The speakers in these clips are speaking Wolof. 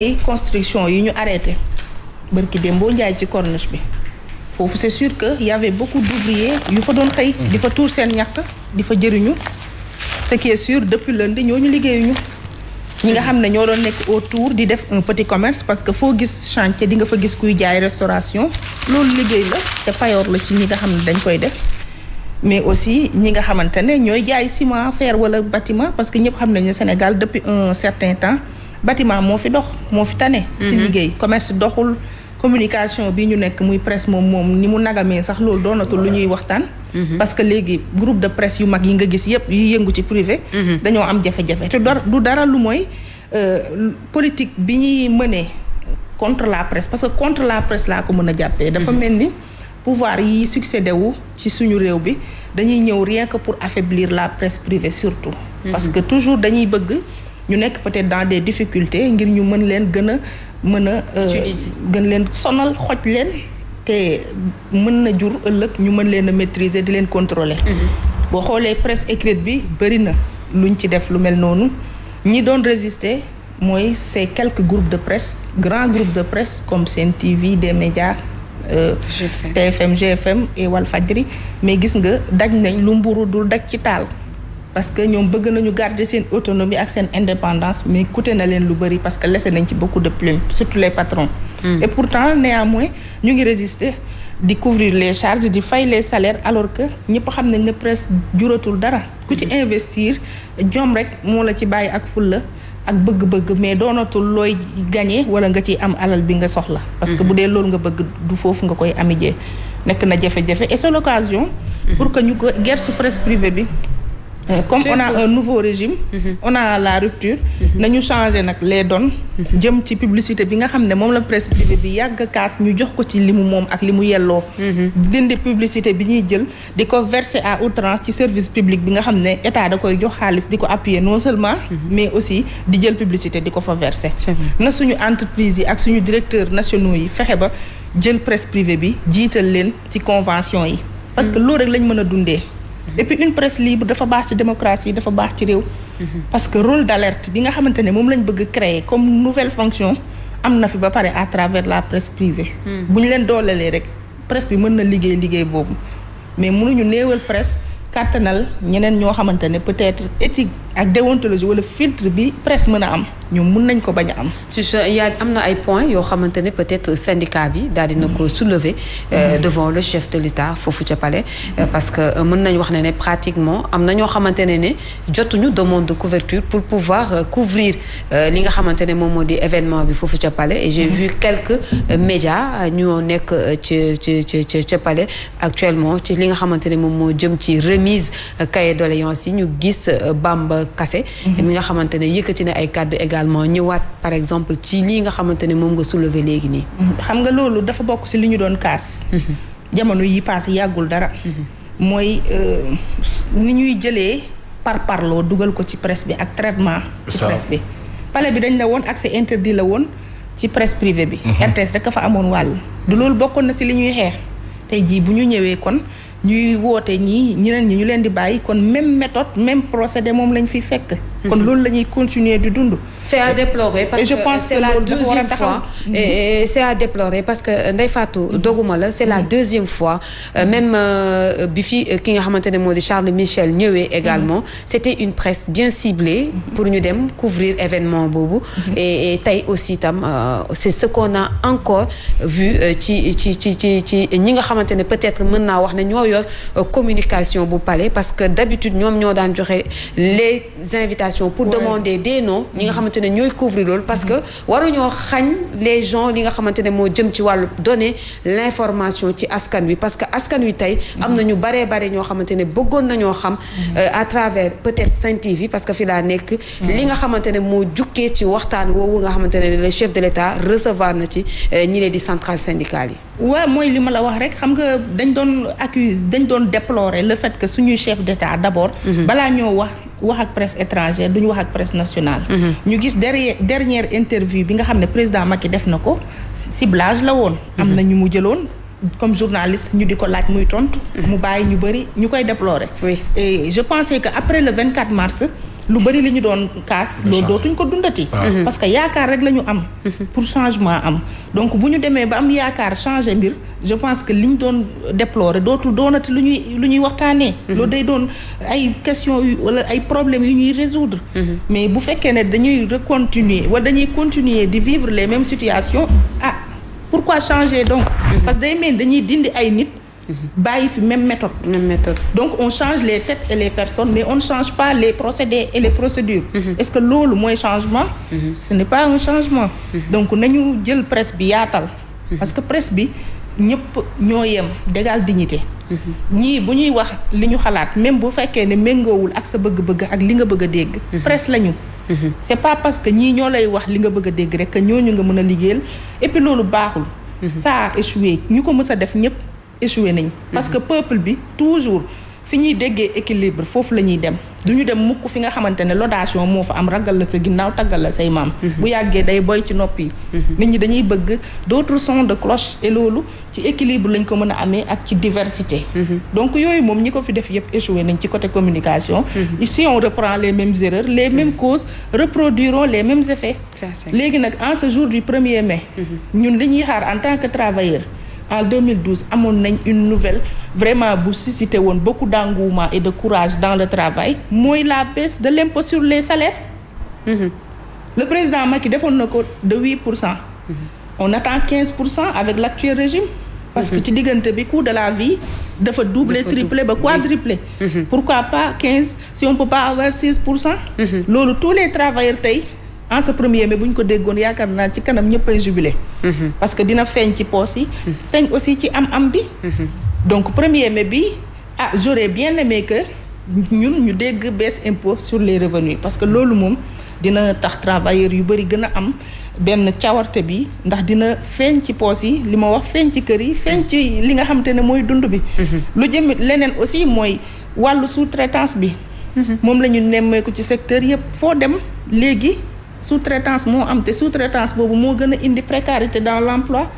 ay construction yi ñu arrêté bërki dem boo njaay ci corniche bi foofu c'est sur que yave avait beaucoup d'ouvriers yu fa doon xëy di fa tuur seen ñax di fa jëriñu ce sur est sûr depuis lundi ñooñu liggéeyuñu ñi nga xam ne ñoo doon nekk autour di def un petit commerce parce que foo gis chantier dinga fa gis kuy jaay restauration loolu liggéey la te payoor la ci ñi nga xam ne dañ koy def mais aussi ñi nga xamante ne ñooy jaay ciment faire wala bâtiment parce que ñëpp xam nañu Sénégal depuis un certain temps bâtiment moo fi dox moo fi tane. ci mhm. liggéey commerce doxul communication bi ñu nekk muy presse moom moom ni mu nagamee sax loolu doonatul lu ñuy waxtaan. Mhm. parce que léegi groupe de presse yu mag yi nga gis yëpp yu yëngu ci privé. Mhm. dañoo am jafe-jafe te du dara lu mooy euh, politique bi ñuy mënee contre la presse parce que contre la presse laa ko mën a jàppee. dafa mel ni pouvoir yi succédé wu ci suñu réew bi dañuy ñëw rien que pour affaiblir la presse privée surtout. parce dañuy bëgg. ñu nekk peut dans des difficultés ngir ñu mën leen gën a mën a euh, gën leen sonal xoj leen te mën na jur ëllëg ñu mën leen a maîtriser di leen contrôler mhm. boo xoolee presse écrite bi bëri na luñ ci def lu mel noonu ñi doon résister mooy c'est quelque groupe de presse grands groupe de presse comme Sen TV des médias Euh, GFM. TFM GFM et Walfadjri mais gis nga daj nañ lu mburu dul daj ci taal parce que ñoom bëgg nañu garder seen autonomie ak seen indépendance mais coûté na leen lu bari parce que laissé nañ ci beaucoup de plumes surtout les patron Mm. et pourtant néanmoins ñu ngi résister di couvrir les charges di fay les salaires alors que ñëpp xam nañ nga presse juratul dara. ku ci hmm. investir jom rek moo la ci bàyyi ak fulla ak bëgg-bëgg mais doonatul looy gagné wala nga ciy am alal bi nga soxla. parce que hmm. bu dee loolu nga bëgg du foofu nga koy amijee nekk na jafe-jafe hmm. pour que ñu ko guerre su presse privée bi. Euh, comme on a un nouveau régime mhm. on a la rupture mhm. nañu changer nag les donnes mhm. jëm ci publicité bi nga xam ne moom la presse privée bi yàgg kaas ñu jox ko ci li mu moom ak li mu yelloo dindi publicité bi ñuy jël di ko verser à outrance ci service public bi nga xam ne état da koy jox xaalis di ko appuyer non seulement mais aussi di jël publicité di ko fa verser na suñu entreprise yi ak suñu directeur nationaux yi fexe ba jël presse privée bi jiital leen ci convention yi parce que loolu rek lañ mën a dundee et puis une presse libre dafa baax ci démocratie dafa baax ci réew. parce que rôle d' alerte bi nga xamante ne moom lañ bëgg créer comme nouvelle fonction am na fi ba pare à travers la presse privée. Hmm. bu ñu leen doolelee rek presse bi mën na liggéey liggéey boobu mais ñu néewal presse kàttanal ñeneen ñoo xamante ne peut-être éthique. ak déontologie wala filtre bi presque mën a am ñoom mun nañ ko bañ a am. ci yaa am na ay points yoo xamante ne peut-être syndicat bi daal dina ko soulever euh, mm-hmm. devant le chef de l'État foofu ca pale euh, parce que euh, mën nañ wax ne ne pratiquement am na ñoo xamante ne ne jotuñu demande de couverture pour pouvoir couvrir li nga xamante ne moom moo di événement bi foofu ca pale et j'ai mm-hmm. vu quelques médias ñoo nekk ci ci ci ca palais actuellement ci li nga xamante ne moom moo jëm ci remise cahier doléances yi ñu gis Bamba Kassé mhm. mi nga xamante ne yëkkati na ay kàddu également ñëwaat par exemple ci lii nga xamante ne moom nga soulever léegi nii mhm. xam nga loolu dafa bokk si li ñu doon kaas mhm. jamono yi passé yàggul dara mooy euh, ni ñuy jëlee par parloo dugal ko ci presse bi ak traitement ci presse bi palais bi dañ la woon accès interdit la woon ci presse privée bi RTS rek fa amoon wàll du loolu bokkoon na si li ñuy xeex tey jii bu ñu ñëwee kon ñuy woote ñii ñeneen ñi ñu leen di bàyyi kon même méthode même procédé moom lañ fi fekk. kon mhm. loolu la ñuy continuer di dundu c'est à déplorer parce que c'est la deuxième fois parce que Ndeye Fatou mm-hmm. doguma la c'est la mm-hmm. deuxième fois euh, même euh, bi fi euh, ki nga xamante ne moo di Charles Michel ñëwee mm-hmm. également c'était une presse bien ciblée pour ñu dem couvrir événement boobu et tey aussi tam c'est ce qu'on a encore vu ci ci ci ci ci ñi nga xamante ne peut-être mën naa wax ne ñoo yor communication bu palais parce que d'habitude ñoom ñoo daan joxe les invitations pour demander xamante ne ñooy couvrir loolu parce que waruñoo xañ les gens li nga xamante ne moo jëm ci wàllu donner l'information ci askan wi parce que askan wi tey am na ñu baree bare ñoo xamante ne bëggoon nañoo xam euh, à travers peut-être Sen TV parce que fi laa nekk li nga xamante ne moo jukkee ci waxtaan woowu nga xamante ne le chef de l'État recevoir na ci euh, ñi leen di centrale syndicale yi waaw mooy li ma la wax rek xam nga dañ doon accuse dañ doon déplorer le fait que suñuy chef d'État d'abord mm-hmm. balaa ñoo wax wax ak étranger du duñu wax ak presse nationale. Mhm. ñu gis derrière dernière interview bi nga xam ne président Macky def na ko ciblage la woon. Mhm. am na ñu mu jëloon comme journaliste ñu di ko laaj muy tontu. Mhm. mu bàyyi ñu bëri ñu koy déplorer. oui et je pensais que après le 24 mars. lu bëri li ñu doon kaas loolu dootuñ ko dundati mhm. parce que yaakaar rek la ñu am mhm. pour changement am donc bu ñu demee ba am yaakaar changer mbir je pense que li ñu doon déplorer dootul doonati lu ñuy lu ñuy waxtaanee mhm. loolu day doon ay question yu wala ay problèmes yu ñuy résoudre mais bu fekkee ne dañuy recontinuer wala dañuy continuer di vivre les mêmes situations ah pourquoi changer donc parce que day mel dañuy dindi ay nit bàyyi fi même méthode. même méthode donc on change les têtes et les personnes mais on change pas les procédés et les procédures. Mm-hmm. est-ce que loolu mooy changement. Mm-hmm. ce n'est pas un changement. Mm-hmm. donc nañu jël presse bi yaatal. parce que presse bi ñëpp ñoo yem d'égale dignité. ñii bu ñuy wax li ñu xalaat même bu fekkee ne méngoowul ak sa bëgg-bëgg ak li nga bëgg a dégg. presse lañu. c'est pas parce que ñii ñoo lay wax li nga bëgg a dégg rek que ñooñu nga mën a liggéeyal et puis loolu baaxul. ça a ñu ko mës a def ñëpp. échoué nañ parce que peuple bi toujours fi ñuy déggee équilibre foofu la ñuy dem du ñu dem mukk fi nga xamante ne lodation moo fa am ragal la sa ginnaaw taggal la say maam mhm. bu yàggee day boy ci noppi yi mhm. nit ñi dañuy bëgg d'autres son de cloche et loolu ci équilibre lañ ko mën a amee ak ci diversité mhm. donc yooyu moom ñi ko fi def yëpp échoué nañ ci côté communication ici on reprend les mêmes erreurs les mêmes causes reproduiront les mêmes effets léegi nag en ce premier mai ñun li ñuy xaar tant que travailleur en 2012 amoon nañ une nouvelle vraiment bu suscité woon beaucoup d'engouement et de courage dans le travail mooy la baisse de l'impôt sur les salaires mmh. le président Macky defoon na ko de huit pour cent mm-hmm. on attend quinze pour cent avec l'actuel régime parce que mm-hmm. ci diggante bi coût de la vie dafa doubler tripler ba quadrupler mm-hmm. pourquoi pas quinze si on peut pas avoir seize pour cent loolu tous les travailleurs tey en ce premier mai bu ñu ko déggoon yaakaar naa ci kanam ñëpp ay jubilé. Mhm. parce que dina feeñ ci poos yi. Mhm. feeñ aussi ci am-am bi. Mhm. donc premier mai bi ah j'aurais bien aimé que ñun ñu dégg baisse impôt sur les revenus parce que loolu moom dina tax travailleurs yu bëri gën a am benn cawarte bi ndax dina feeñ ci poos yi li ma wax feeñ ci kër yi feeñ ci li nga xam te ne mooy dund bi. lu jëm leneen aussi mooy wàll sous-traitance bi. moom la ñu nemmeeku ci secteur yëpp foo dem léegi. sous-traitance moo am te sous boobu moo gën a indi précarité dans l'emploi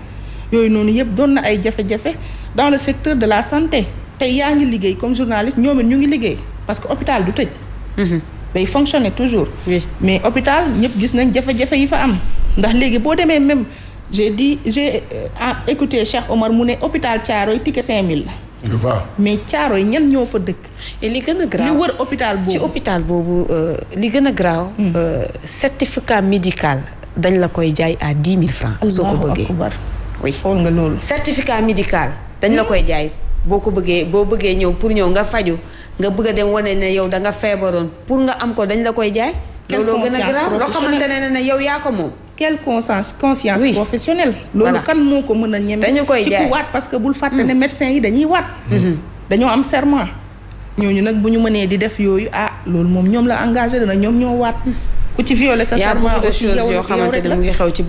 yooyu noonu yëpp doon na ay jafe-jafe dans le secteur de la santé tey yaa ngi liggéey comme journaliste ñoom ñu ngi liggéey parce que hôpital du tëj. Mhm. day fonctionner toujours. Oui. mais hôpital ñëpp gis nañ jafe-jafe yi fa am ndax léegi boo demee même di dit j'ai euh, ah, écouté Cheikh Omar mu ne hôpital Thiaroye ticket 5000 la. waaw mais caaro yi ñan ñoo fa dëkk. li gën a graaw li wër hôpital boobu ci hôpital boobu euh, li gën a graaw. Hmm. Euh, certificat médical dañ la koy jaay à dix mille francs. soo nga loolu. certificat médical dañ la hmm. koy jaay boo ko bëggee boo bëggee ñëw pour ñëw nga faju nga bëgg a dem wane ne yow da nga feebaroon pour nga am ko dañ la koy jaay. looloo gën a graaw loo xamante ne ne yow yaa ko moom. quelle conscience conscience professionnelle loolu kan moo ko mën a ñeme ci ku waat parce que bul fàtte mm. ne médecin yi dañuy waat mm-hmm. dañoo am serment ñooñu nag bu ñu mënee di def yooyu ah loolu moom ñoom la engagé dana ñoom ñoo waat mm. ku ci violé sa serment aussi yow rek la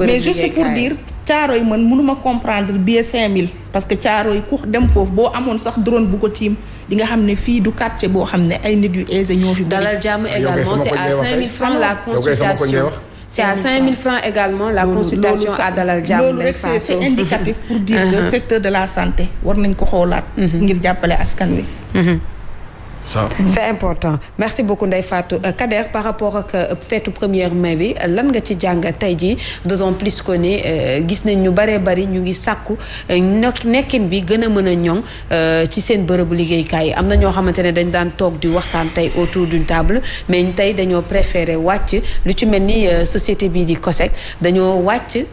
mais juste pour dire caaro yi man mënuma comprendre billet 5000 parce que caaro yi ku dem foofu boo amoon sax drone bu ko tiim di nga xam ne fii du quartier boo xam ne ay nit yu aisé ñoo fi dalal jàmm ah, également c'est à 5000 francs la c'est à 5000 francs également la consultation à Dalal Jàmm indicatif pour dire uh-huh. secteur de la santé war nañ ko xoolaat mm-hmm. ngir jàppale askan wi mm-hmm. ça c'est important merci beaucoup Ndeye Fatou euh, Kader par rapport ak euh, feetu première mais bi euh, lan nga ci jàng tey jii d'autant plus que ne gis nañ ñu baree bari ñu ngi sàkku nekkin bi gën a mën a ñoŋ ci seen bërëbu liggéeykaay yi am na ñoo xamante ne dañ daan toog di waxtaan tey autour d'une table mais tey dañoo préféré wàcc lu ci mel ni société bii di COSEC dañoo wàcc